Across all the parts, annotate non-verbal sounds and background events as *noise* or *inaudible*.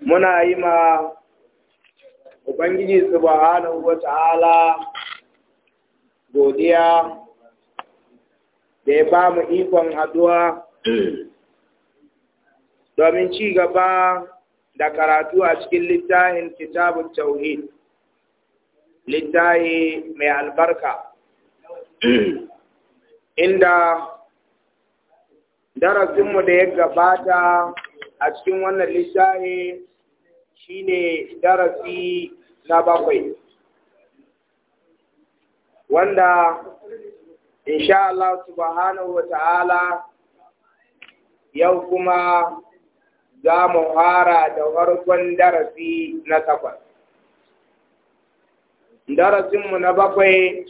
muna yi ma ubangiji subhanahu wa ta'ala godiya da ya ba mu ikon haduwa domin ci gaba da karatu a cikin littafin kitabun tauhid littafi mai albarka inda darasinmu da ya gabata a cikin wannan littafi shine darasi na bakwai wanda insha Allah subhanahu wa ta'ala yau kuma za mu fara da farkon darasi na takwas darasinmu na bakwai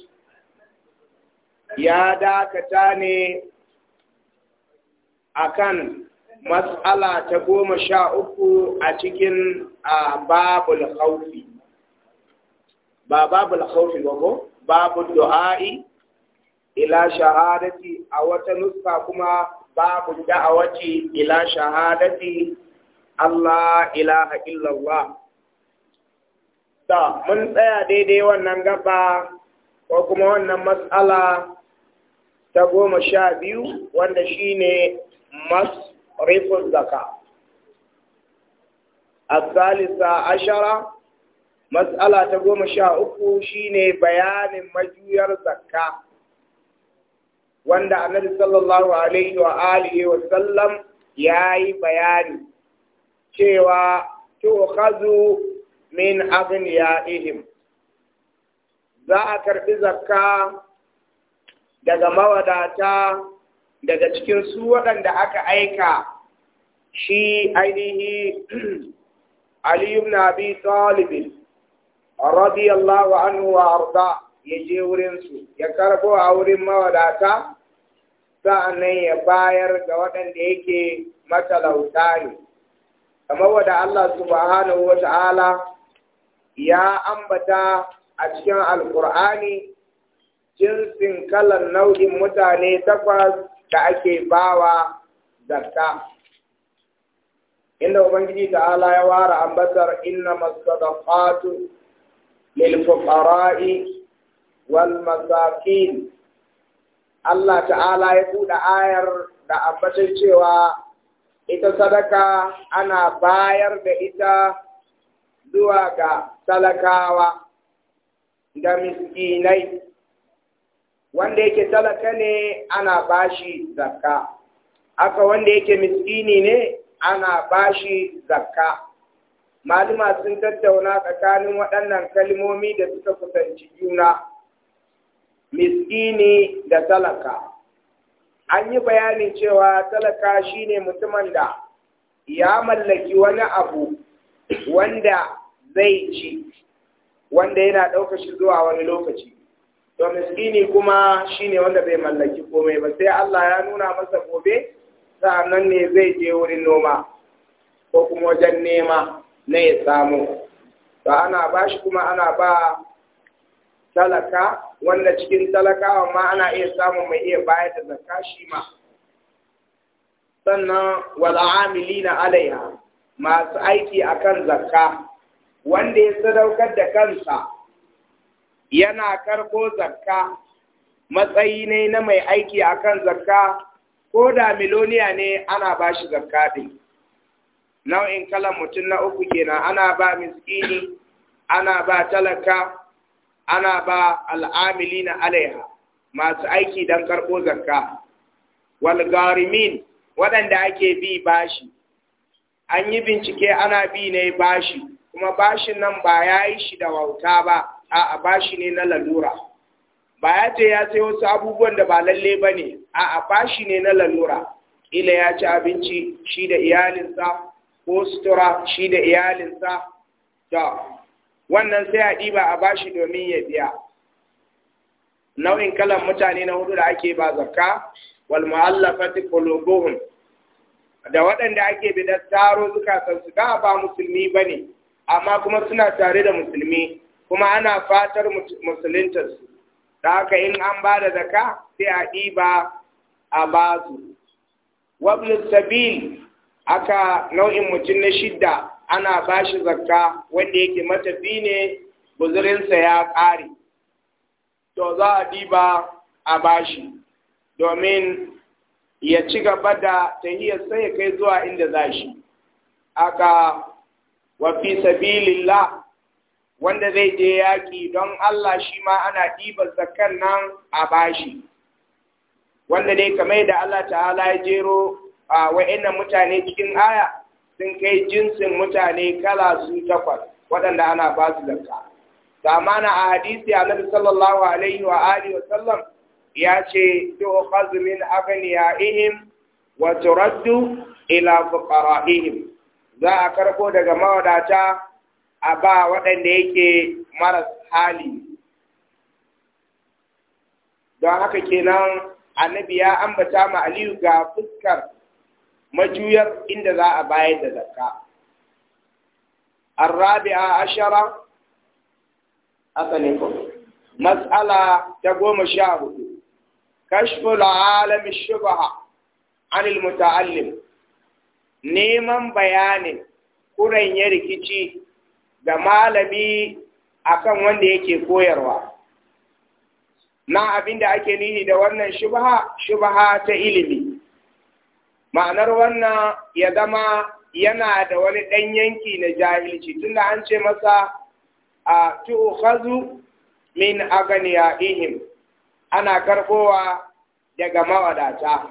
ya dakata ne akan masala ta goma sha uku a cikin babul haufi ba babul haufi ba ko babul du'a'i ila shahadati a wata nuska kuma babul da'awati ila shahadati Allah ilaha illallah ta mun tsaya daidai wannan gaba ko kuma wannan matsala ta goma sha biyu wanda shine mas ريف الزكاة الثالثة عشرة مسألة تقوم شاء أكوشيني بيان مجوير زكاة وأن النبي صلى الله عليه وآله وسلم ياي بيان شوى تؤخذ من أغنيائهم ذاكر a karɓi daga mawadata daga cikin su waɗanda aka aika shi ainihi *clears throat* Ali ibn Abi Talib radiyallahu anhu wa arda ya je wurin su ya karbo a wurin mawadata sa'annan ya bayar ga waɗanda yake matalauta ne kamar wada Allah subhanahu wa ta'ala ya ambata a cikin alkur'ani jinsin kalan nau'in mutane takwas da ake bawa zakka inda ubangiji ta'ala ya wara ambatar inna masadaqatu lil fuqara'i wal masakin Allah ta'ala ya buɗe ayar da ambatar cewa ita sadaka ana bayar da ita zuwa ga talakawa da miskinai wanda yake talaka ne ana bashi zakka aka wanda yake miskini ne ana bashi zakka maluma sun tattauna tsakanin waɗannan kalmomi da suka kusanci juna miskini da talaka an yi bayanin cewa talaka shine mutumin da ya mallaki wani abu wanda zai ci wanda yana ɗauka shi zuwa wani lokaci to miskini kuma shine wanda bai mallaki komai ba sai Allah ya nuna masa gobe nan ne zai je wurin noma ko kuma wajen nema na ya samu to ana ba shi kuma ana ba talaka wanda cikin talakawa ma ana iya samun mai iya bayar da zakka shi ma sannan wal'amilina alaiha masu aiki akan zakka wanda ya sadaukar da kansa yana karko zakka matsayi ne na mai aiki akan zakka ko da miloniya ne ana ba shi zakka ɗin nau'in kalan mutum na uku kenan ana ba miskini ana ba talaka ana ba al'amili na alaiha masu aiki don karɓo zakka walgarimin waɗanda ake bi bashi an yi bincike ana bi ne bashi kuma bashin nan ba ya yi shi da wauta ba a'a bashi ne na lalura ba ya ce ya sai wasu abubuwan da ba lalle ba ne a'a bashi ne na lalura ila ya ci abinci shi da iyalinsa ko sutura shi da iyalinsa da wannan sai a ɗiba a bashi domin ya biya nau'in kalan mutane na hudu da ake ba zakka wal mu'allafati qulubuhum da waɗanda ake da taro zukatan su ba musulmi bane amma kuma suna tare da musulmi kuma ana fatar musuluntarsu da haka in an ba da zaka sai a ɗiba a ba su sabin aka nau'in mutum na shidda ana ba shi zakka wanda yake matafi ne buzurinsa ya ƙare to za a ɗiba a bashi domin ya ci gaba da hiyar sai ya kai zuwa inda za shi aka wafi sabilillah wanda zai je yaƙi don Allah shi ma ana ɗibar zakar nan a bashi wanda dai kamar da Allah ta'ala ya jero a wa'annan mutane cikin aya sun kai jinsin mutane kala su takwas waɗanda ana ba su zakka zamana a hadisi annabi sallallahu alaihi wa alihi wa sallam ya ce tu'khadhu min aghniyaihim wa turaddu ila fuqara'ihim za a karɓo daga mawadata a ba waɗanda yake maras hali don haka kenan annabi ya ambata ma aliyu ga fuskar majuyar inda za a bayar da zakka الرابعة matsala ta goma sha شاهد كشف العالم الشبهة عن المتعلم neman bayanin kuren ya rikici da malami akan wanda yake koyarwa na abin da ake nihi da wannan shubha shubha ta ilimi ma'anar wannan ya zama yana da wani ɗan yanki na jahilci tunda an ce masa a tu'khazu min ihim. ana karbowa daga mawadata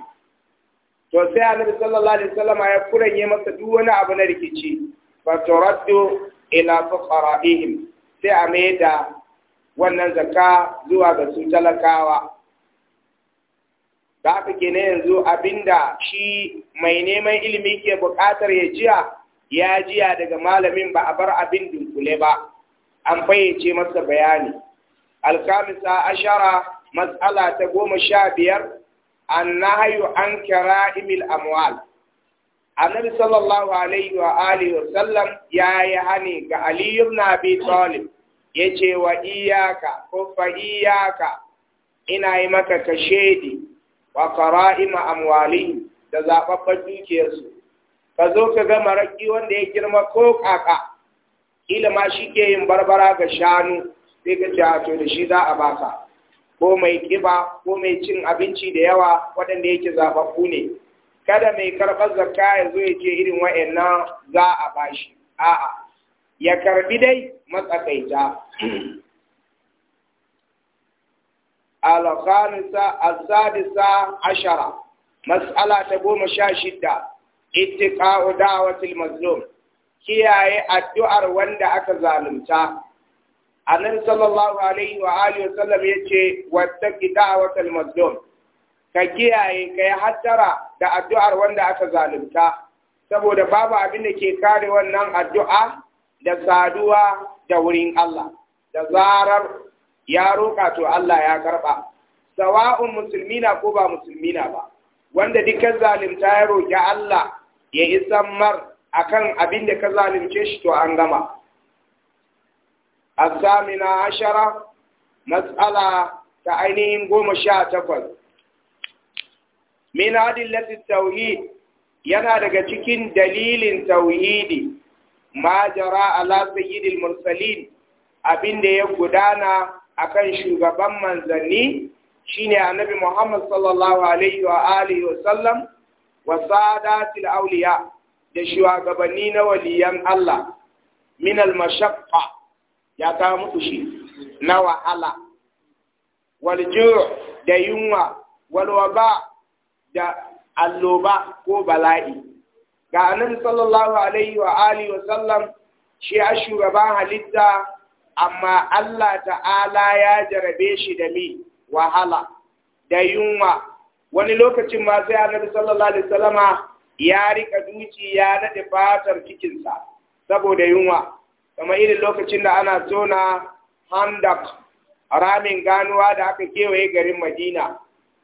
to sai annabi sallallahu alaihi wasallam ya kuranye masa duk wani abu na rikici fa turaddu ila fuqara'ihim sai a mai da wannan zakka zuwa ga su talakawa da aka ke na yanzu abinda shi mai neman ilimi ke buƙatar ya jiya ya jiya daga malamin ba a bar abin dunkule ba an fayyace masa bayani alkamisa ashara matsala ta goma sha biyar an nahayu an kira imil amwal annabi sallallahu alaihi wa alihi wa sallam ya yi hani ga Ali ibn Abi Talib yace wa iyaka ko fa iyaka ina yi maka kashedi wa qara'ima amwali da zababban dukiyarsu ka zo ka ga maraki wanda ya girma ko kaka ilima shi ke yin barbara ga shanu sai ka ce to da shi za a baka ko mai kiba ko mai cin abinci da yawa waɗanda yake zababbu ne kada mai karɓar zakka ya zo ya ce irin wa'annan za a bashi a'a ya karbi dai matsakaita *clears throat* al-khamisa as-sadisa ashara mas'ala ta goma sha shidda ittiqa'u da'watil mazlum kiyaye addu'ar wanda aka zalunta annabi sallallahu alaihi wa alihi wa sallam yace wattaqi da'watal mazlum ka kiyaye ka yi hattara da addu'ar wanda aka zalunta saboda babu abin da ke kare wannan addu'a da saduwa da wurin Allah da zarar ya roƙa to Allah ya karɓa sawa'un musulmi na ko ba Musulmina ba wanda dukkan zalunta ya roƙi Allah ya yi samar a kan abin da ka zalunce shi to an gama الثامنة ashara, matsala ta ainihin goma sha takwas min adillati tauhid yana daga cikin dalilin tauhidi ma jara ala sayyidil mursalin abinda ya gudana akan shugaban manzanni shine annabi Muhammad sallallahu alaihi wa alihi wa sallam wa sadatil awliya da shugabanni na waliyan Allah min al mashaqqa ya ta shi na wahala wal ju' da yunwa wal waba da alloba ko bala'i ga annabi sallallahu alaihi wa alihi wa sallam shi a shugaban halitta amma Allah ta'ala ya jarabe shi da mi wahala da yunwa wani lokacin ma sai annabi sallallahu alaihi sallama ya rika duci ya nade fatar cikinsa saboda yunwa kamar irin lokacin da ana tona handak ramin ganuwa da aka kewaye garin madina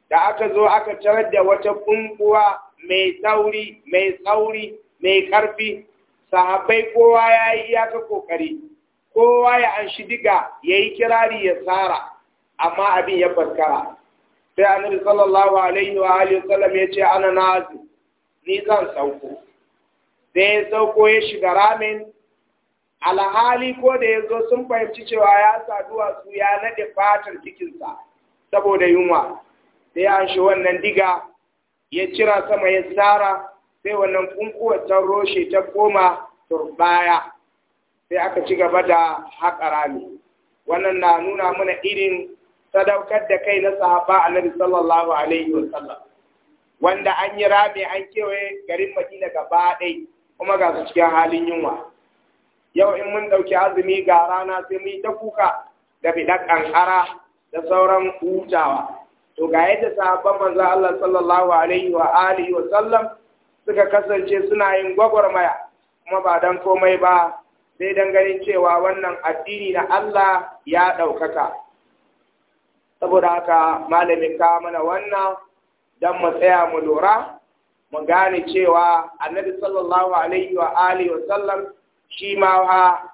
da aka zo aka tarar da wata kunkuwa mai tsauri mai tsauri mai karfi sahabbai kowa ya yi iyaka kokari kowa ya anshi diga ya yi kirari ya tsara amma abin ya faskara sai annabi sallallahu alaihi wa alihi sallam ya ce ana nazu ni zan sauko sai ya sauko ya shiga ramin alhali ko da ya zo sun fahimci cewa ya saduwa su ya nade fatar cikinsa saboda yunwa sai ya anshi wannan diga ya cira sama ya tsara sai wannan kunkuwar ta roshe ta koma turbaya sai aka ci gaba da haƙa rami wannan na nuna mana irin sadaukar da kai na sahaba a Nabi sallallahu alaihi wa sallam wanda an yi rami an kewaye garin madina gaba ɗai kuma ga su cikin halin yunwa yau in mun ɗauki azumi ga rana sai mun yi ta kuka da fiɗar ƙanƙara da sauran hutawa to ga yadda sahabban manzo Allah sallallahu alaihi wa alihi wa sallam suka kasance suna yin gwagwarmaya kuma ba dan komai ba sai dan ganin cewa wannan addini na Allah ya ɗaukaka saboda haka malamin ka mana wannan dan mu tsaya mu lura mu gane cewa annabi sallallahu alaihi wa alihi wa sallam shi ma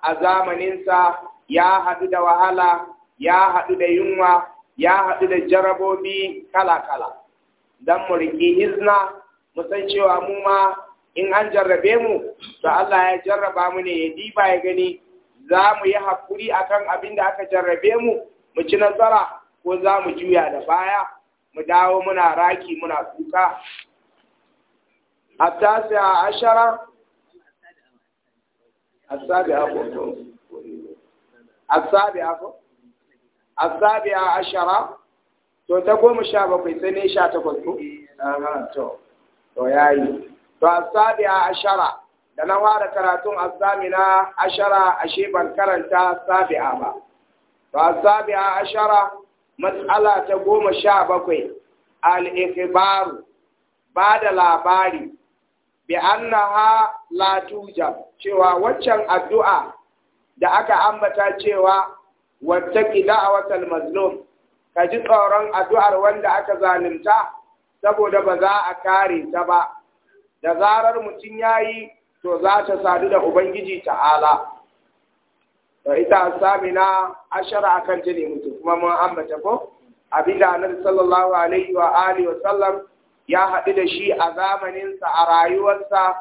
a zamaninsa ya haɗu da wahala ya haɗu da yunwa ya haɗu da jarabobi kala-kala don mu riƙi izna mu san cewa mu ma in an jarrabe mu to Allah ya jarraba mu ne ya diba ya gani za mu yi haƙuri a kan abin da aka jarrabe mu mu ci nasara ko za mu juya da baya mu dawo muna raki muna kuka التاسع عشر السابع السابع asabi'a ashara to ta goma sha bakwai sai ne sha takwas ko aha to ya yi. to asabi'a ashara da na fara karatun na ashara ashe ban karanta sabi'a ba to asabi'a ashara matsala ta goma sha bakwai al-ikhbaru ba da labari bi annaha la tujab cewa waccan addu'a da aka ambata cewa a da'awatal mazlum ka ji tsoron addu'ar wanda aka zalunta saboda ba za a kare ta ba da zarar mutum yayi to za ta sadu da ubangiji ta'ala to ita samina ashara akan kan ne mutum kuma mun ambata ko abinda annabi sallallahu alaihi wa alihi wa sallam ya haɗu da shi a zamaninsa a rayuwarsa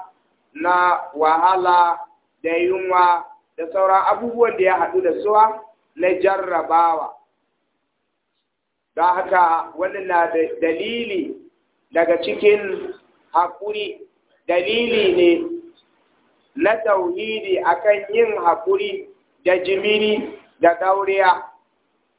na wahala da yunwa da sauran abubuwan da ya haɗu da suwa na jarrabawa don haka wani na da dalili daga cikin haƙuri dalili ne na tauhidi akan yin haƙuri da jimini da dauriya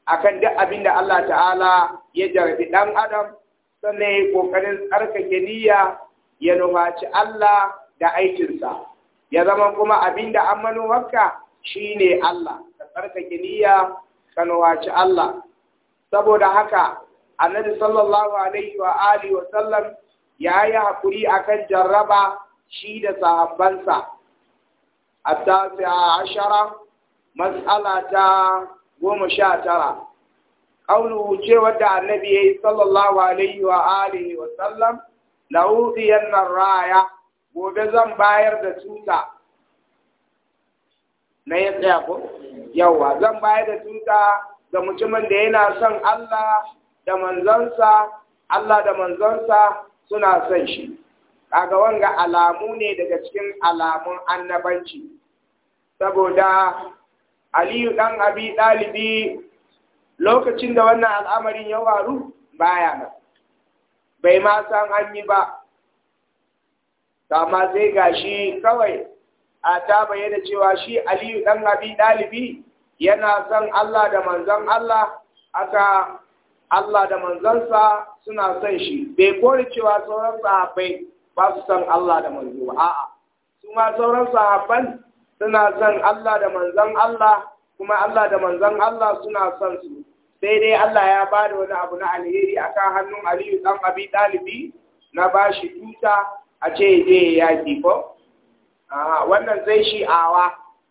akan duk abin da Allah ta'ala ya jarabi ɗan adam sannan ya yi ƙoƙarin tsarkake niyya ya numaci Allah da aikinsa ya zama kuma abin da an shi ne Allah tsarkake niyya ka nuwaci Allah saboda haka annabi sallallahu alaihi wa alihi wa sallam ya yi hakuri akan jarraba shi da sahabbansa التاسعة matsala ta goma sha tara ƙaunuhu ce wadda annabi ya yi sallallahu alaihi wa alihi wa sallam la'udiyan nan raya gobe zan bayar da tuta na ya tsaya ko yawa zan baya da tuta ga mutumin da yana son Allah da manzansa Allah da manzansa suna son shi kaga wanga alamu ne daga cikin alamun annabanci saboda Aliyu dan Abi Dalibi lokacin da wannan al'amarin ya waru baya nan bai ma san an yi ba amma sai gashi kawai a ta bayyana cewa shi aliyu ɗan abi ɗalibi yana son Allah da manzon Allah aka Allah da manzansa suna son shi bai kore cewa sauran sahabbai ba su son Allah da manzo ba a'a su ma sauran sahabban suna son Allah da manzon Allah kuma Allah da manzon Allah suna son su sai dai Allah ya ba da wani abu na alheri akan hannun Aliyu dan Abi Dalibi na bashi tuta a ce je yaki ko wannan zai shi'awa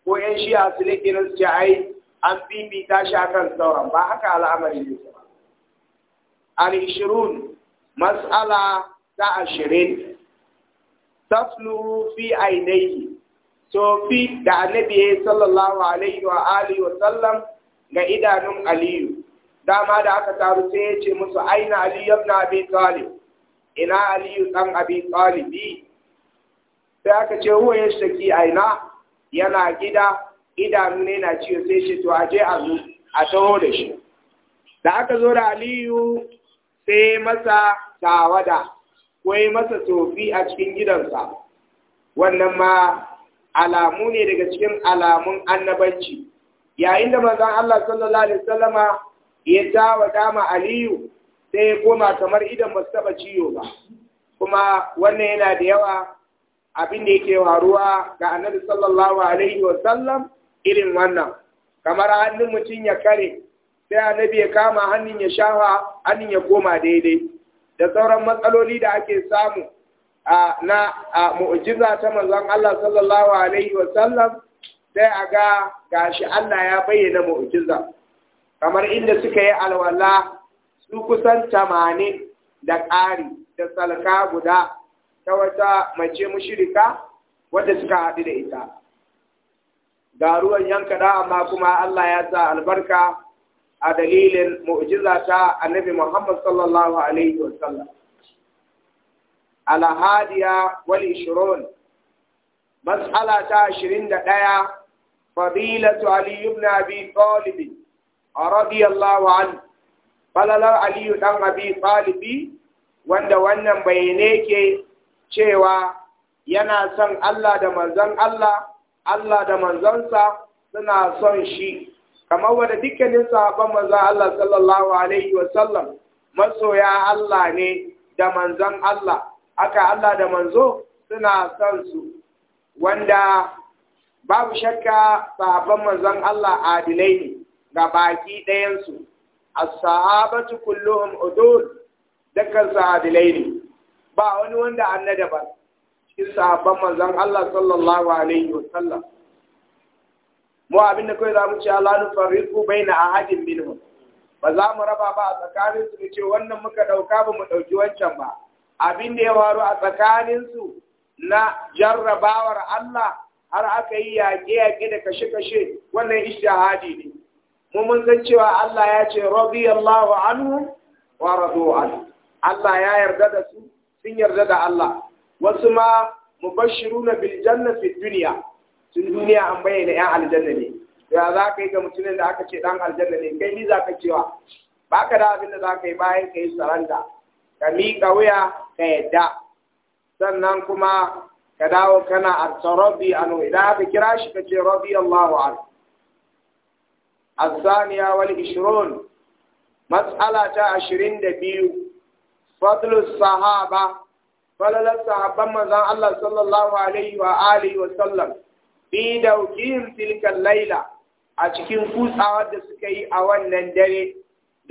ko yan shi'a su ne kiran su ce ai an bibita shi akan sauran ba haka al'amari ne al-ishirun mas'ala ta ashirin taslu fi ainihi so fi da annabi sallallahu alaihi wa alihi wa sallam ga idanun aliyu dama da aka taru sai ya ce musu aina aliyu ibn abi talib ina aliyu dan abi talibi sai aka ce huwa ya shaki aina yana gida idanu ne na ciwo sai shi to aje a zo a taho da shi da aka zo da aliyu sai masa tawada ko yi masa tofi a cikin gidansa wannan ma alamu ne daga cikin alamun annabanci yayin da manzon Allah sallallahu alaihi wasallama ya tawa dama aliyu sai ya koma kamar idan ba taba ciwo ba kuma wannan yana da yawa abin da yake waruwa ga annabi sallallahu alaihi wa sallam irin wannan kamar hannun mutum ya kare sai annabi ya kama hannun ya shafa hannun ya koma daidai da sauran matsaloli da ake samu na mu'jiza ta manzon Allah sallallahu alaihi wa sallam sai a ga gashi Allah ya bayyana mu'jiza kamar inda suka yi alwala su kusan tamanin da ƙari da salka guda ta wata mace mushirika wadda suka haɗu da ita ga ruwan yankaɗa amma kuma Allah ya sa albarka a dalilin mu'jiza ta annabi Muhammad sallallahu alaihi wa sallam alhadiya wal ishrun Matsala ta ɗaya, fadilatu Aliyu ibn abi talib radiyallahu anhu falalar aliyu dan abi talibi wanda wannan bayyane ke cewa yana son Allah da manzon Allah Allah da manzonsa suna son shi kamar wanda dukkanin sahabban manzon Allah sallallahu alaihi wa sallam masoya Allah ne da manzon Allah aka Allah da manzo suna son su wanda babu shakka sahabban manzon Allah adilai ne ga baki ɗayansu as-sahabatu kulluhum udul dukkan su adilai ne ba wani wanda an nada ba cikin sahabban manzan Allah sallallahu alaihi wa sallam mu abin da kai za mu ce Allah nu fariqu baina ahadin minhum ba za mu raba ba a tsakanin su ce wannan muka dauka ba mu dauki wancan ba abin da ya waru a tsakanin su na jarrabawar Allah har aka yi yaƙe-yaƙe da kashe-kashe wannan ishtihadi ne mu mun san cewa Allah ya ce radiyallahu anhu wa radu anhu Allah ya yarda da su sun yarda da Allah wasu ma na bil janna fi duniya sun duniya an bayyana yan aljanna ne ya za ka yi ga mutumin da aka ce dan aljanna ne kai ni za ka cewa ba ka da abin da za ka yi bayan ka yi saranda ka miƙa wuya ka yadda sannan kuma ka dawo kana a a nuna idan aka kira shi ka ce rabbi Allahu an matsala ta ashirin da biyu. fadlus sahaba falalar sahabban manzon Allah sallallahu alaihi wa alihi wa sallam bi dauqihim tilkan laila a cikin kutsawar da suka yi a wannan dare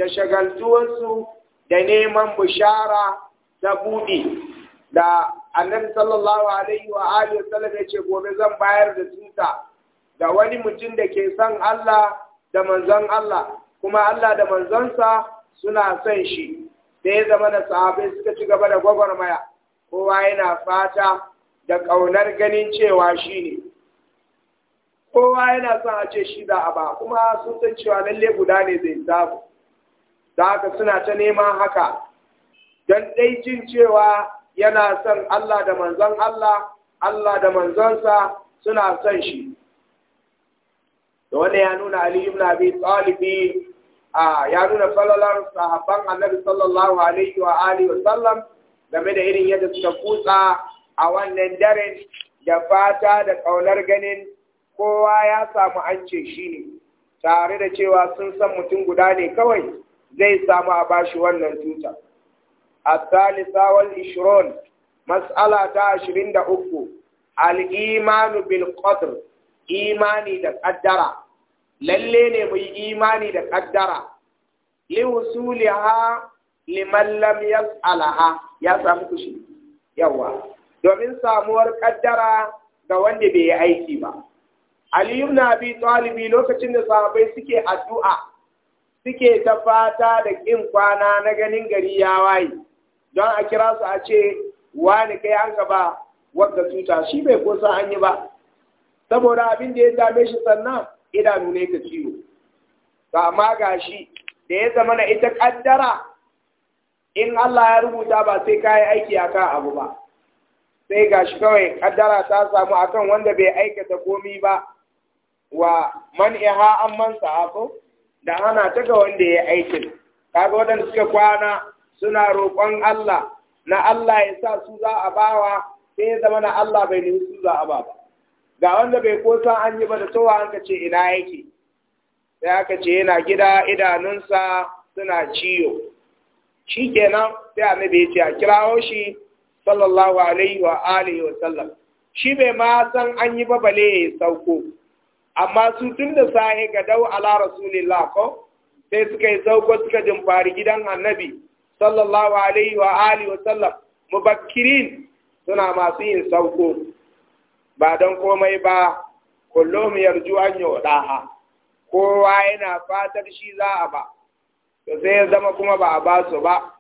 da shagaltuwarsu da neman bishara ta buɗe da annabi sallallahu alaihi wa alihi gobe zan bayar da tuta da wani mutum da ke son Allah da manzon Allah kuma Allah da manzonsa suna son shi sai zama da sahabai suka ci gaba da gwagwarmaya kowa yana fata da ƙaunar ganin cewa shi ne kowa yana son a ce shi za a ba kuma sun san cewa lalle guda ne zai samu da haka suna ta neman haka don ɗaikin cewa yana son Allah da manzon Allah Allah da manzonsa suna son shi da wani ya nuna Ali ibn Abi Talib A'a, ah, ya nuna falalar sahabban annabi sallallahu alaihi wa alihi wa sallam game da irin yadda suka kutsa a wannan daren da fata da kaunar ganin kowa ya samu an ce shi ne tare da cewa sun san mutum guda ne kawai zai samu a bashi wannan tuta الثالثة والعشرون مسألة uku al imanu bil بالقدر imani da قدره lalle ne mu yi imani da ƙaddara. li wusuliha liman lam yas'alaha ya samu kushi yawa domin samuwar ƙaddara ga wanda bai yi aiki ba Ali ibn Abi Talib lokacin da sahabbai suke addu'a suke ta fata da kin kwana na ganin gari ya waye don a kira su a ce wani kai an ba wanda tuta shi bai kusa an yi ba saboda abin da ya dame shi sannan idanu ne ka ciwo ba ma gashi da ya zama na ita kaddara in Allah ya rubuta ba sai ka yi aiki akan abu ba sai gashi kawai kaddara ta samu akan wanda bai aikata komi ba wa man iha an man sa'afo da hana ta ga wanda ya aikin kaga waɗanda suka kwana suna roƙon Allah na Allah ya sa su za a bawa sai ya zama na Allah bai nemi su za a ba ba ga wanda bai ko san an yi ba da towa an kace ina yake sai aka ce yana gida idanunsa suna ciyo shi kenan sai annabi ya ce a kirawo shi sallallahu alaihi wa alihi wa sallam shi bai ma san an yi ba bale ya sauko amma su tun da sahi ga dau ala rasulillah ko sai suka yi sauko suka jimfari gidan annabi sallallahu alaihi wa alihi wa sallam mubakkirin suna masu yin sauko ba don komai ba kullum yarju an yi wadaha kowa yana fatar shi za a ba to sai ya zama kuma ba a ba su ba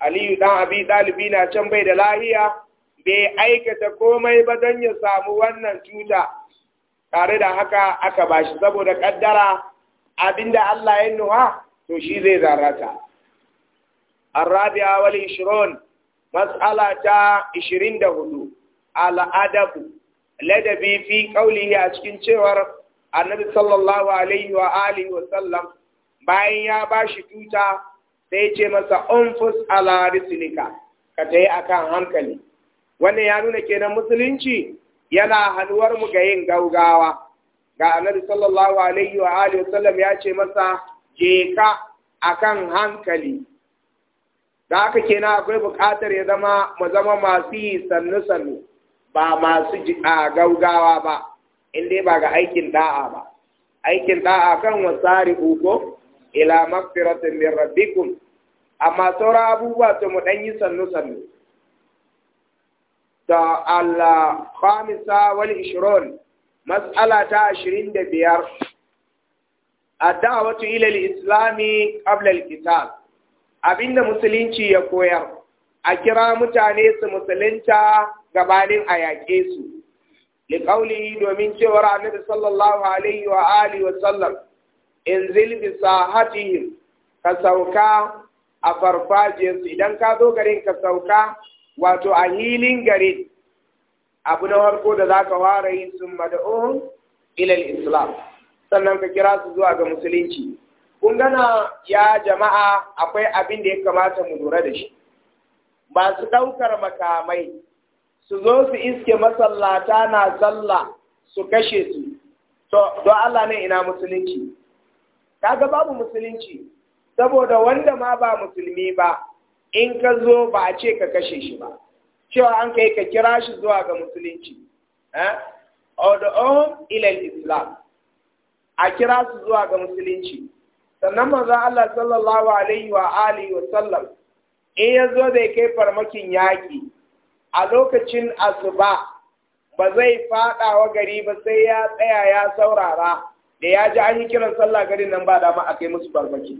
aliyu dan abi dalibi na can bai da lahiya bai aikata komai ba don ya samu wannan cuta tare da haka aka ba shi saboda kaddara abinda Allah ya nuha to shi zai zarata arabiya wal ishrun mas'ala ta 24 al adabu ladabi fi qaulihi a cikin cewar annabi sallallahu alaihi wa alihi wa sallam bayan ya ba shi tuta sai ce masa unfus ala rislika ka tayi akan hankali wannan ya nuna kenan musulunci yana haduwar mu ga yin gaugawa ga annabi sallallahu alaihi wa alihi wa sallam ya ce masa je ka akan hankali da haka kenan akwai bukatar ya zama mu zama masu sannu sannu ba masu a gaugawa ba in ba ga aikin da'a ba aikin da'a kan wasari uko ila mafiratun min rabbikum amma sauran abubuwa su mu ɗan yi sannu sannu ta Allah khamisa wal ishirin matsala ta ashirin da biyar. A da'a wata ilil islami qabla al abinda musulunci ya koyar a kira mutane su musulunta gabanin a yaƙe su liƙauli domin cewar annabi sallallahu alaihi wa alihi wa sallam in zilbi sahatihim ka sauka a farfajiyarsu idan ka zo garin ka sauka wato a hilin garin abu na harko da za ka ware yi sun mada'un ilal islam sannan ka kira su zuwa ga musulunci kun gana ya jama'a akwai abin da ya kamata mu lura da shi masu ɗaukar makamai su zo su iske masallata na sallah su kashe su to don Allah ne ina musulunci kaga babu musulunci saboda wanda ma ba musulmi ba in ka zo ba a ce ka kashe shi ba cewa an kai ka kira shi zuwa ga musulunci eh od'um ila islam a kira su zuwa ga musulunci sannan manzo Allah sallallahu alaihi wa alihi wa sallam in ya zo zai kai farmakin yaƙi a lokacin asuba ba zai faɗa wa gari ba sai ya tsaya ya saurara da ya ji an yi kiran sallah garin nan ba dama a kai musu farmaki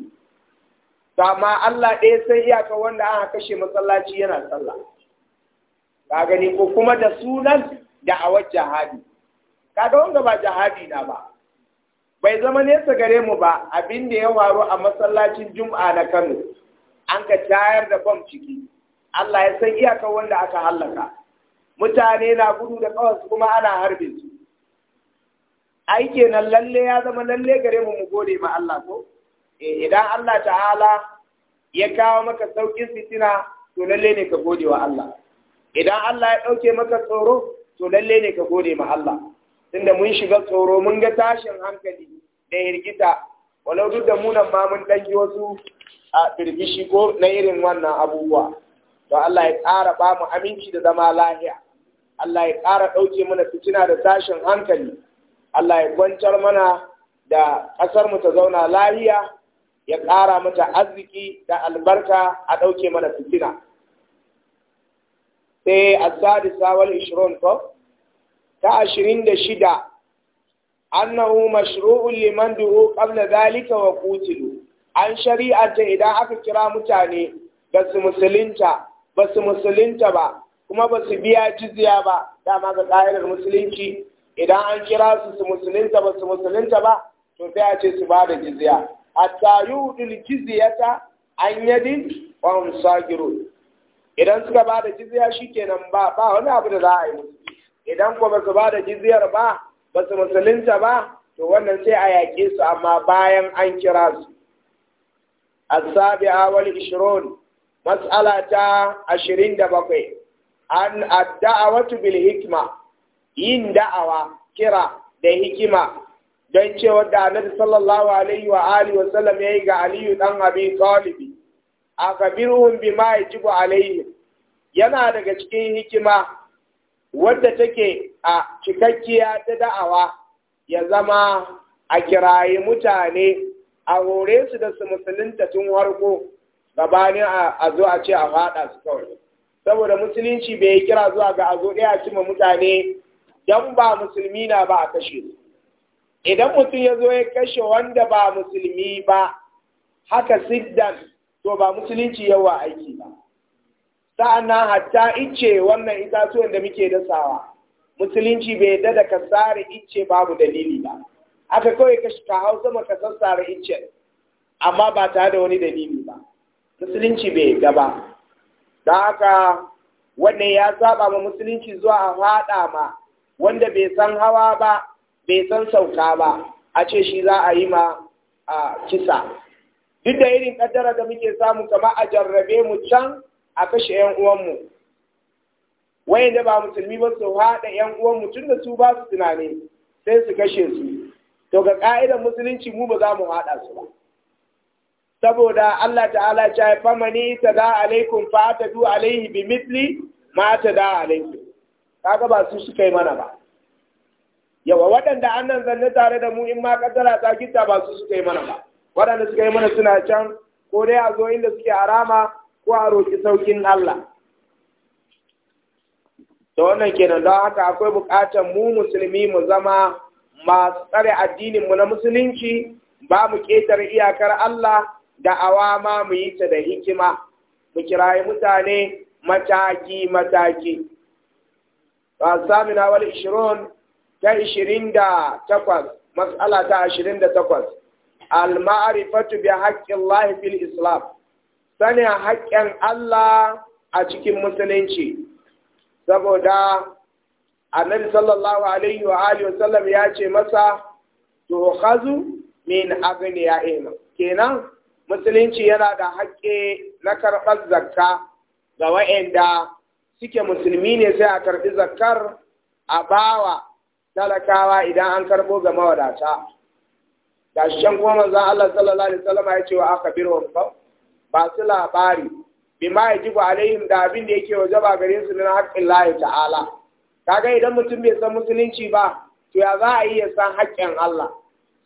amma Allah ɗaya sai iyaka wanda aka kashe masallaci yana sallah ka gani ko kuma da sunan da awar jihadi kaga wanda ba jihadi na ba bai zama nesa gare mu ba abin da ya faru a masallacin Juma'a na Kano an ka tayar da bom ciki Allah ya san iyaka wanda aka hallaka mutane na gudu da kawansu kuma ana harbin su ai kenan lalle ya zama lalle gare mu mu gode ma Allah ko Eh idan Allah ta'ala ya kawo maka saukin fitina to lalle ne ka gode wa Allah idan Allah ya ɗauke maka tsoro to lalle ne ka gode ma Allah tunda mun shiga tsoro mun ga tashin hankali da hirgita walau duk da munan ma mun dangi wasu a birgishi ko na irin wannan abubuwa to Allah ya ƙara ba mu aminci da zama lahiya Allah ya ƙara ɗauke mana fitina da tashin hankali Allah ya kwantar mana da ƙasar mu ta zauna lahiya ya ƙara mata arziki da albarka a ɗauke mana fitina sai asadisa sawar ishirin ko ta ashirin da shida annahu mashru'un liman duhu qabla zalika wa qutilu an shari'anta idan aka kira mutane ba su musulunta ba su musulunta ba kuma ba su biya jizya ba dama ga ƙa'idar musulunci idan an kira su su musulunta ba su musulunta ba to sai a ce su ba da jizya hatta yudul jizyata an yadi wa hum sagirun idan suka ba da jizya shikenan ba ba wani abu da za a yi idan kuma ba su ba da jizyar ba ba su musulunta ba to wannan sai a yaƙe su amma bayan an kira su السابعة والعشرون مسألة عشرين دبقي أن الدعوة بالحكمة yin da'awa kira da hikima don cewa da annabi sallallahu alaihi wa alihi wa sallam yayi ga Aliyu dan Abi Talib akabiruhum bima yajibu alaihim yana daga cikin hikima wadda take a cikakkiya ta da'awa ya zama a kirayi mutane a hore su da su musulunta tun harko gabanin a zo a ce a faɗa su kawai saboda musulunci bai kira zuwa ga a zo ɗaya ma mutane don ba musulmi na ba a kashe idan mutum ya zo ya kashe wanda ba musulmi ba haka siddan to ba musulunci yawa aiki ba sa'annan hatta ice wannan itatuwan da muke dasawa musulunci bai yadda da kasare ice babu dalili ba aka kawai ka shi ka hau sama ka sassara incin amma ba tare da wani dalili ba musulunci bai gaba Da haka wanda ya saba ma musulunci zuwa a haɗa ma wanda bai san hawa ba bai san sauka ba a ce shi za a yi ma a kisa duk da irin kaddara da muke samu kamar a jarrabe mu can a kashe yan uwanmu wayanda ba musulmi ba su haɗa yan uwanmu tun da su ba su tunani sai su kashe su to ga ƙa'idar musulunci mu ba za mu haɗa su ba saboda Allah ta'ala ya ce famani tada alaikum fa tadu alaihi bi mithli ma tada alaikum kaga ba su suka yi mana ba yawa waɗanda annan zanne tare da mu in ma kaddara ta gitta ba su suka yi mana ba waɗanda suka yi mana suna can ko dai a zo inda suke harama ko a roƙi saukin Allah da wannan kenan don haka akwai buƙatar mu musulmi mu zama masu tsare addinin mu na musulunci ba mu ƙetare iyakar Allah da awama mu yi ta da hikima mu kirayi mutane mataki mataki fasamina wal ishirun ta ishirin da takwas matsala ta ashirin da takwas al-ma'arifatu bi haƙƙin lahi fil islam sanin haƙƙin Allah a cikin musulunci saboda annabi sallallahu alaihi wa alihi wa sallam ya ce masa to khazu min aghniyaihim kenan musulunci yana da haƙƙi na karɓar zakka ga wa'anda suke musulmi ne sai a karɓi zakkar a bawa talakawa idan an karɓo ga mawadata ga shan kuma manzon Allah sallallahu alaihi wasallam ya ce wa aka ba ba su labari bima yajibu alaihim da abin da yake wajaba gare su min haƙƙin Allah ta'ala kaga idan mutum bai san musulunci ba to ya za a iya san haƙƙin Allah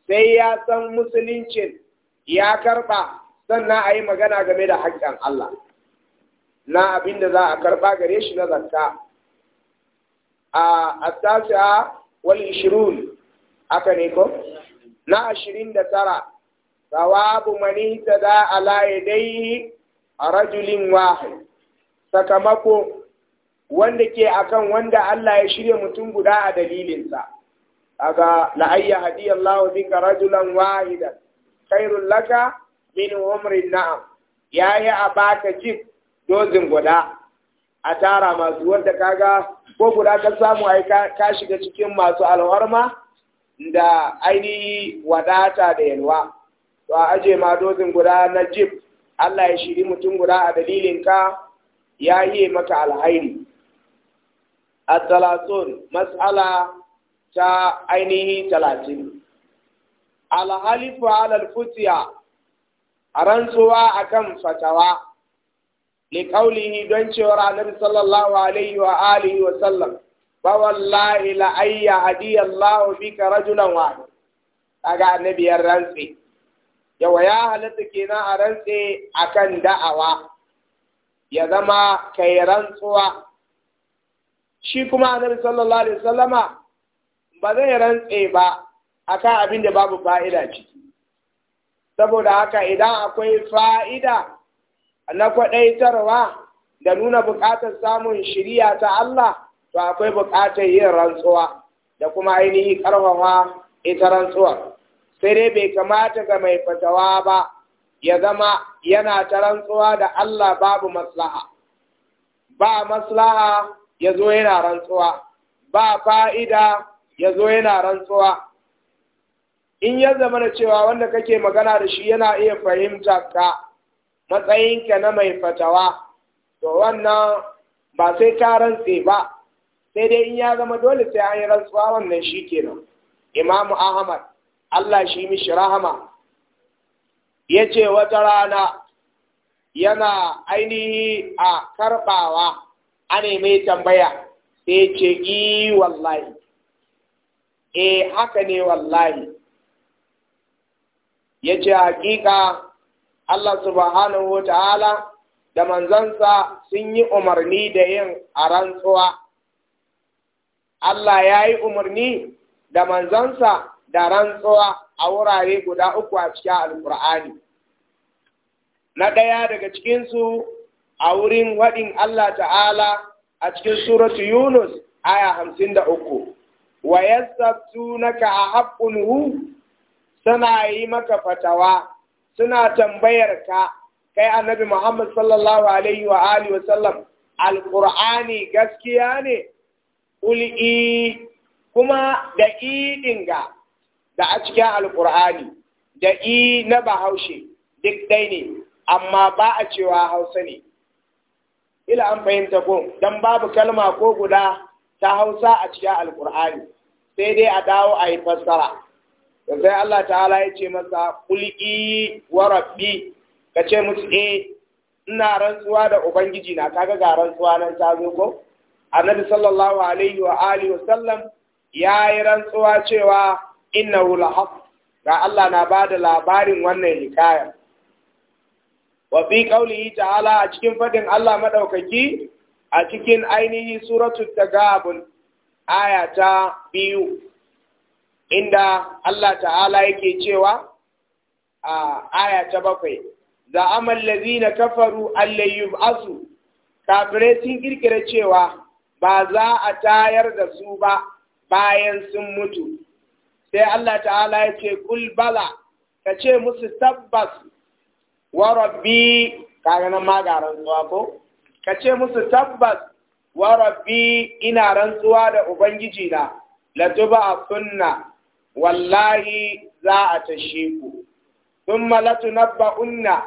sai ya san musuluncin ya karba, sannan a yi magana game da haƙƙin Allah na abin da za a karɓa gare shi na zakka a attasi'a wal ishirun aka ne ko na ashirin da tara thawabu man ihtada ala yadayhi rajulin wahid sakamako wanda ke akan wanda Allah ya shirya mutum guda a dalilinsa kaga la'ayya hadiyallahu bika rajulan wahidan khairul laka min umrin na'am yi a baka jib dozin guda a tara masu wanda kaga ko guda ka samu ai ka shiga cikin masu alwarma da ainihi wadata da yalwa to a aje ma dozin guda na jib Allah ya shiri mutum guda a dalilin ka ya yi maka alhairi A talatin, matsala ta ainihi talatin. Alhali fa halar Fusiya. A rantsuwa akan fatawa. Ni ƙaule don cewar Aliyu Sallallahu Alaihi wa'ai Aliyu wa Sallan. Ba wallahi la'ayya ajiye Allahu bi ka raju nan wane. Saga na biyar rantse. Yau ya halarci kenan a rantse akan da'awa. Ya zama kai rantsuwa. shi kuma annabi sallallahu alaihi wasallama ba zai rantse ba akan abin da babu fa'ida ciki saboda haka idan akwai fa'ida na kwaɗaitarwa da nuna buƙatar samun shirya ta Allah to akwai buƙatar yin rantsuwa da kuma ainihi ƙarfafa ita rantsuwar sai dai bai kamata ga mai fatawa ba ya zama yana ta rantsuwa da Allah babu maslaha ba maslaha ya zo yana rantsuwa ba fa'ida ya zo yana rantsuwa in ya zama da cewa wanda kake magana da shi yana iya fahimta ka matsayinka na mai fatawa to wannan ba sai ka rantse ba sai dai in ya zama dole sai an yi rantsuwa wannan shi kenan imamu ahmad allah shi mishi rahama ya ce wata rana yana ainihi a karɓawa ane mai tambaya sai ce yi e, wallahi eh haka ne wallahi ya ce hakika Allah subhanahu wa ta'ala da manzansa sun yi umarni da yin a rantsuwa Allah ya yi umarni da manzansa da rantsuwa a wurare guda uku a cikin alkur'ani na ɗaya daga cikinsu a wurin waɗin Allah ta'ala a cikin suratu Yunus aya hamsin da uku. Wa naka a haƙƙun hu suna yi maka fatawa, suna tambayar ka, kai annabi Muhammad sallallahu Alaihi wa Alihi wa sallam, Alƙur'ani gaskiya ne, ul'i kuma da ga da a cikin Alƙur'ani, da i na Bahaushe duk ɗai ne, amma ba a cewa Hausa ne. ila an fahimta ko dan babu kalma ko guda ta Hausa a cikin Alƙur'ani sai dai a dawo a yi fassara da sai Allah ta'ala ya ce masa kulki wa rabbi ka ce musu eh ina rantsuwa da ubangiji na kaga ga rantsuwa nan ta zo ko annabi sallallahu alaihi wa alihi wa sallam ya yi rantsuwa cewa innahu lahaq ga Allah na bada labarin wannan hikayar wa fi ta ta'ala a cikin fadin Allah maɗaukaki a cikin ainihi suratul tagabun aya ta biyu inda Allah ta'ala yake cewa a aya ta bakwai za amal lazina kafaru allai asu. Kafire sun kirkira cewa ba za a tayar da su ba bayan sun mutu sai Allah ta'ala ya ce kul bala ka ce musu tabbas wa rabbi kaga nan ma ga rantsuwa ko ka ce musu tabbas wa rabbi ina rantsuwa da ubangiji na la tuba sunna wallahi za a tashe ku thumma la tunabba'unna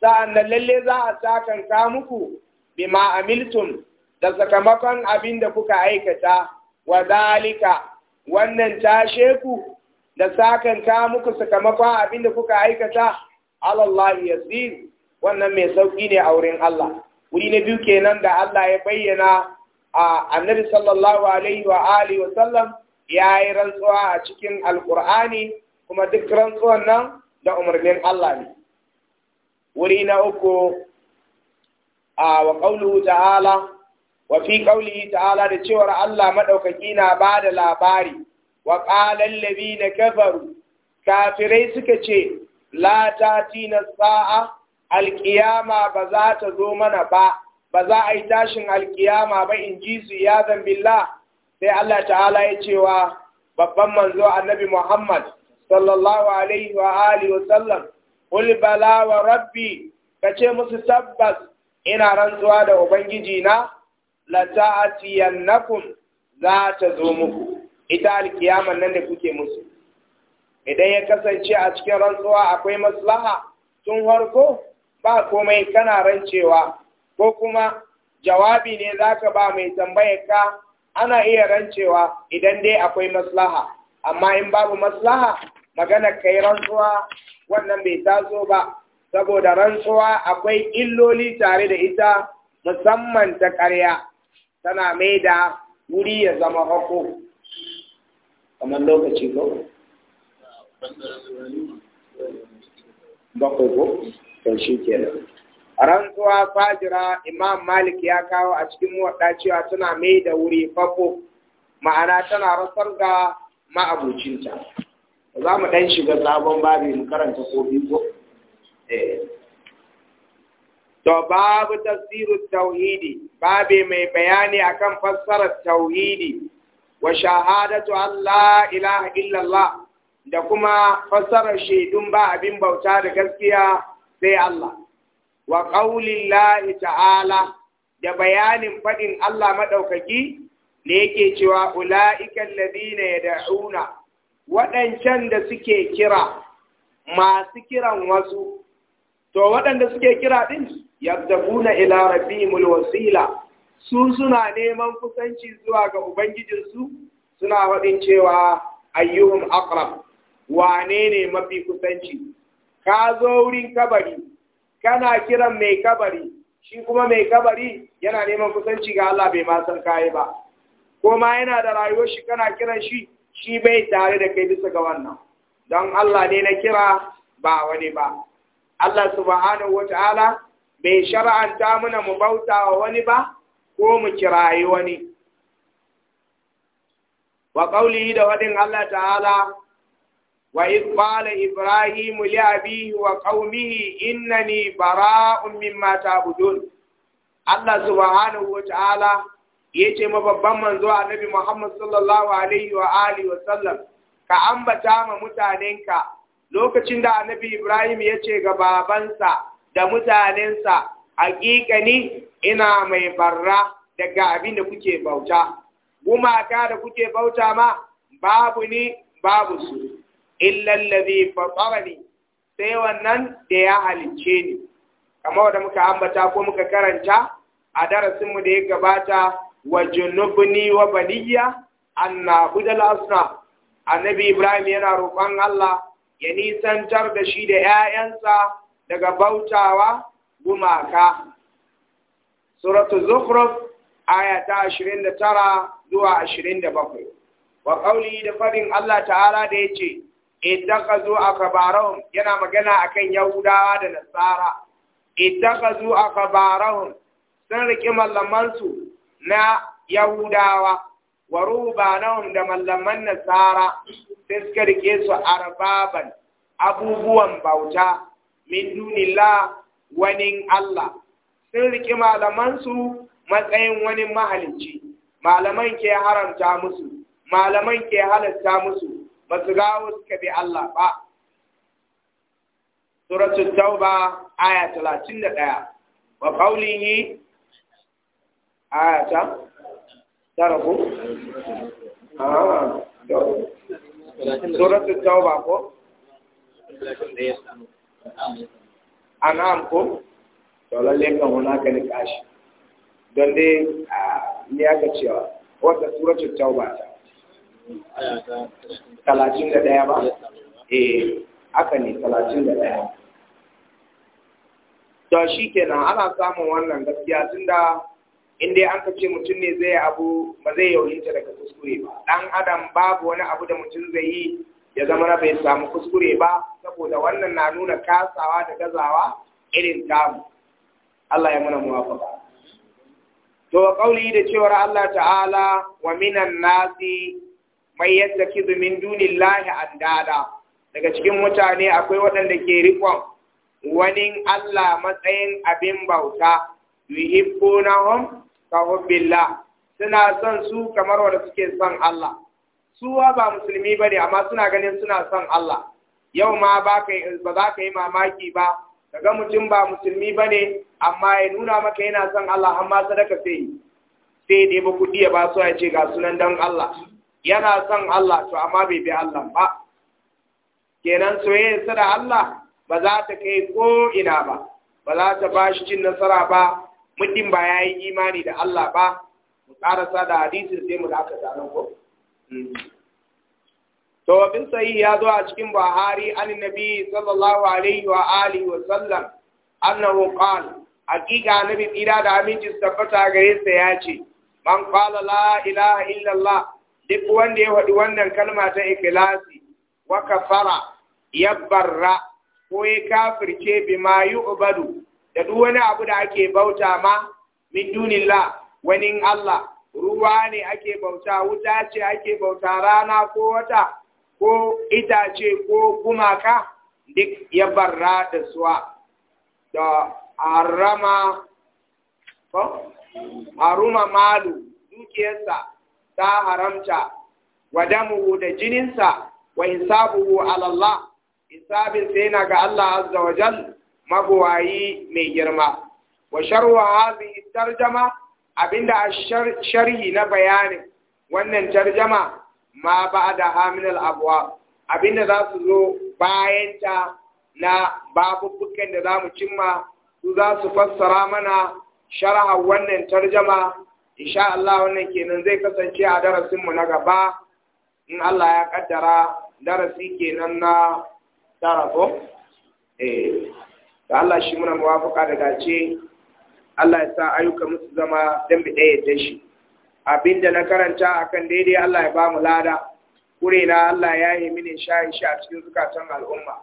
sa'an nan lalle za a sakanka muku bima amiltum da sakamakon abin da kuka aikata wa zalika wannan tashe ku da sakanta muku sakamakon abin da kuka aikata Allah yasir wannan mai sauƙi ne a wurin Allah wuri na biyu kenan da Allah ya bayyana a annabi sallallahu alaihi wa alihi wa sallam ya yi rantsuwa a cikin alkur'ani kuma duk rantsuwan nan da umarnin Allah ne wuri na uku a wa ta'ala wa fi ta'ala da cewar Allah maɗaukaki na ba da labari wa qala na kafaru kafirai suka ce la tatina sa'a alƙiyama ba za ta zo mana ba ba za a yi tashin alƙiyama ba in ji su ya zambilla sai Allah ta'ala ya cewa babban manzo annabi Muhammad sallallahu alaihi wa alihi wa sallam wa rabbi kace musu tabbas ina rantsuwa da ubangiji na la ta'tiyannakum za ta zo muku ita alƙiyaman nan da kuke musu idan ya kasance a cikin rantsuwa akwai maslaha tun harko ba komai kana rancewa ko kuma jawabi ne zaka ba mai tambayar ka ana iya rancewa idan dai akwai maslaha amma in babu maslaha magana kai rantsuwa wannan bai taso ba saboda rantsuwa akwai illoli tare da ita musamman ta karya tana mai da wuri ya zama hako kamar lokaci ko bakwai ko to shi kenan rantsuwa fajira imam malik ya kawo a cikin muwadda cewa tana mai da wuri fako ma'ana tana rasar ga ma'abucinta za mu ɗan shiga sabon babi mu karanta ko biyu ko? Eh. to babu tafsiru tauhidi babe mai bayani akan fassarar tauhidi wa shahadatu an la ilaha illallah da kuma fassarar shaidun ba abin bauta da gaskiya sai Allah wa ta'ala da bayanin faɗin Allah maɗaukaki da yake cewa ula'ikan ladina ya da'una waɗancan da suke kira masu kiran wasu to waɗanda suke kira ɗin yabdabuna ila rabbihimul wasila su suna neman kusanci zuwa ga ubangijinsu suna waɗin cewa ayyuhun aqrab wane ne mafi kusanci ka zo wurin kabari kana kiran mai kabari shi kuma mai kabari yana neman kusanci ga Allah bai ma san ba ko ma yana da rayuwar shi kana kiran shi shi bai tare da kai bisa ga wannan don Allah ne na kira ba wani ba Allah subhanahu wata'ala bai shara'anta muna mu bauta wa wani ba ko mu kirayi wani wa qaulihi da wadin Allah ta'ala وإذ قال إبراهيم لأبيه وقومه إنني براء مما تعبدون Allah subhanahu wa ta'ala ya ce mababban manzo annabi Muhammad sallallahu alaihi wa alihi wa sallam ka ambata ma mutanenka lokacin da annabi Ibrahim ya ce ga babansa da mutanensa hakikani ina mai barra daga abinda kuke bauta gumaka da kuke bauta ma babu ni babu su illa allazi fatarani sai wannan da ya halicce ni kamar wanda muka ambata ko muka karanta a darasin mu da ya gabata wa junubni wa baniya an na'budal asna annabi ibrahim yana roƙon Allah ya nisantar da shi da 'ya'yansa daga bautawa gumaka suratu zukhruf aya ta 29 zuwa 27 wa qawli da fadin Allah ta'ala da yace ittakazu akabarahum yana magana akan yahudawa da nasara ittakazu akabarahum sun riƙi mallamansu na yahudawa wa rubanahum da mallaman nasara sai suka riƙe su arbaban abubuwan bauta min dunillah wani Allah sun riƙi malamansu matsayin wani mahalicci malaman ke haramta musu malaman ke halatta musu ba su gawo suka bi Allah ba suratul tauba aya talatin da ɗaya. 31 wa qawlihi aya ta tarafu ah suratul tauba ko anam ko to lalle kan wannan kan kashi don dai ah, ni aka cewa wata suratul tauba ta talatin da ɗaya ba eh haka ne talatin da ɗaya to shi kenan ana samun wannan gaskiya tun da, inda an ka ce mutum ne zai abu ba zai yauhinta daga kuskure ba dan adam babu wani abu da mutum zai yi ya zama na bai samu kuskure ba saboda wannan na nuna kasawa da gazawa irin tamu Allah ya muna ba to ƙauli da cewar Allah ta'ala wa minan nasi mai yattakizu min dunillahi andada daga cikin mutane akwai waɗanda ke rikon wani Allah matsayin abin bauta yuhibbunahum ka hubbillah suna son su kamar wanda suke son Allah suwa ba musulmi bane amma suna ganin suna son Allah yau ma ba za ka yi mamaki ba kaga mutum ba musulmi bane amma ya nuna maka yana son Allah amma sadaka sai sai dai ba kudi ya ba su ya ce ga sunan dan Allah yana son Allah to amma bai bi Allah ba kenan soyayyarsa da Allah ba za ta kai ko ina ba ba za ta ba shi cin nasara ba muddin ba ya yi imani da Allah ba mu karasa da hadisin sai mu da aka tsaron ko hmm. to bin ya zo a cikin Buhari annabi sallallahu alaihi wa alihi wa sallam annahu qala hakika nabi tira da aminci tabbata gare sa ya ce man qala la ilaha illallah duk wanda ya faɗi wannan kalma ta Ikilasi, wa kafara ya barra ko ya kafirce bi ma ubadu da duk wani abu da ake bauta ma min dunilla wani Allah ruwa ne ake bauta wuta ce ake bauta rana ko wata ko itace ko gumaka duk ya barra da suwa da harama haruma malu dukiyarsa ta haramta wa damuhu da jininsa wa hisabuhu ala Allah hisabin sai na ga Allah azza wa jal mabuwayi mai girma wa sharhu hadhihi tarjama abinda a sharhi na bayanin wannan tarjama ma ba'da al abwa abinda za su zo bayan ta na babubukan da za mu cimma su za su fassara mana sharhar wannan tarjama insha Allah wannan kenan zai kasance a darasin mu na gaba in Allah ya kaddara darasi kenan na tara eh da Allah shi muna muwafaka da dace Allah ya sa ayyuka musu zama dan bi daya da shi abinda na karanta akan daidai Allah ya ba mu lada kure na Allah ya yi mini shayin shi a cikin zukatan al'umma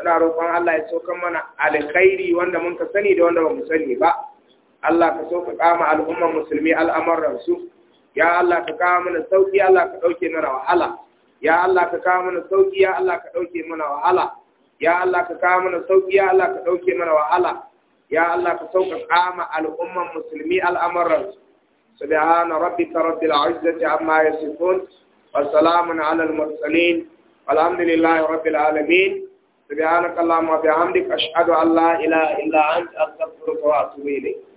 suna roƙon Allah ya saukan mana alkhairi wanda mun ka sani da wanda ba mu sani ba Allah ka so kama al'umman musulmi al'amuran su ya Allah ka kawo mana sauki Allah ka dauke mana wahala ya Allah ka kawo mana sauki ya Allah ka dauke mana wahala ya Allah ka kawo mana sauki ya Allah ka dauke mana wahala ya Allah ka sauka kama al'umman musulmi al'amuran su سبحان ربك رب العزة عما يصفون وسلام على المرسلين والحمد لله رب العالمين سبحانك اللهم وبحمدك أشهد أن لا إله إلا أنت أستغفرك وأتوب إليك